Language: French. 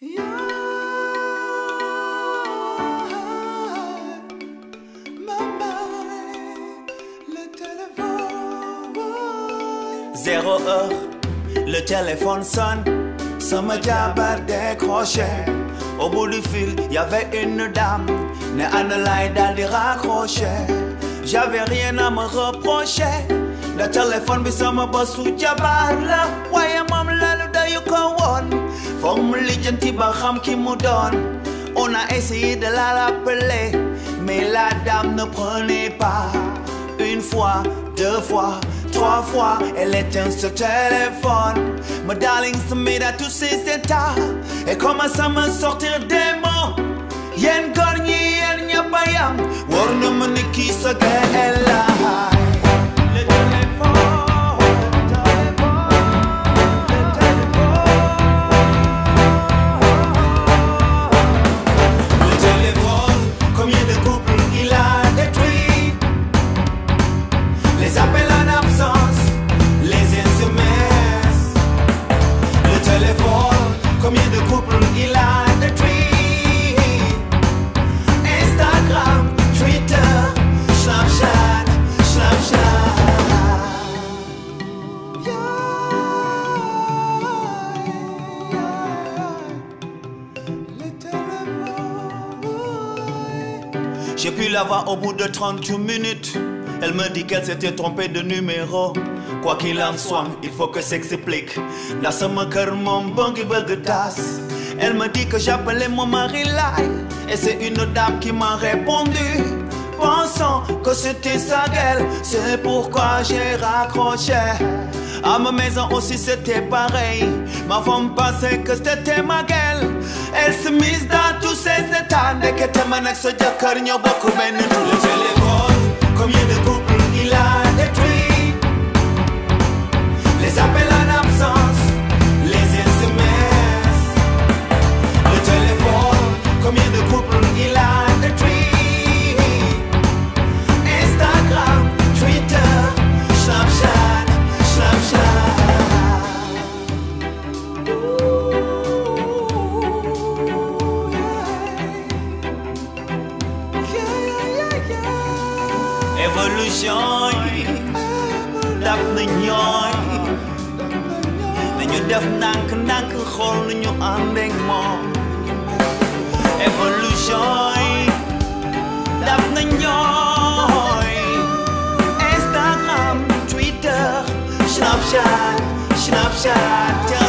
Zéro heure, le téléphone sonne, Ça me diable décroché. Au bout du fil, y une dame, ne ana dans dal di J'avais rien à me reprocher, le téléphone bi sama bosse sous la, waye mom le dayu ko foog mu ba xam ki on a essayé de la rappeler mais la dame ne prenait pas une fois deux fois trois fois elle éteint ce téléphone ma darling se met à tous ses états et commence à me sortir des mots yéen góor a yam les appels en absence, les SMS, le téléphone, combien de couples il a de tweets Instagram, Twitter, Snapchat, Snapchat. J'ai pu l'avoir au bout de 38 minutes. Elle me dit qu'elle s'était trompée de numéro. Quoi qu'il en soit, il faut que s'explique. La ce cœur, mon bon Elle me dit que j'appelais mon mari là. Et c'est une dame qui m'a répondu. Pensant que c'était sa gueule, c'est pourquoi j'ai raccroché. À ma maison aussi c'était pareil. Ma femme pensait que c'était ma gueule. Elle se mise dans tous ses états. Dès que t'es ce beaucoup Evolution đắp nên nhoi nâng nhu đắp nàng khăn nàng khăn khôn nâng nhu ăn bên mò Evolution đắp nên nhoi Instagram, Twitter, Snapchat, Snapchat,